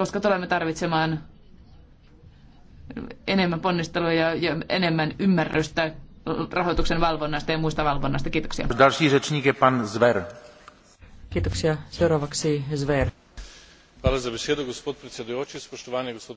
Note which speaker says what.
Speaker 1: koska tulemme tarvitsemaan enemmän ponnistelua ja enemmän ymmärrystä rahoituksen valvonnasta ja muista valvonnasta. Kiitoksia.
Speaker 2: Další řečník pan Zver.
Speaker 1: Kiitoksia.
Speaker 3: Seuraavaksi Zver.
Speaker 4: Hvala za besedo,
Speaker 5: gospod predsedujoči, spoštovani gospod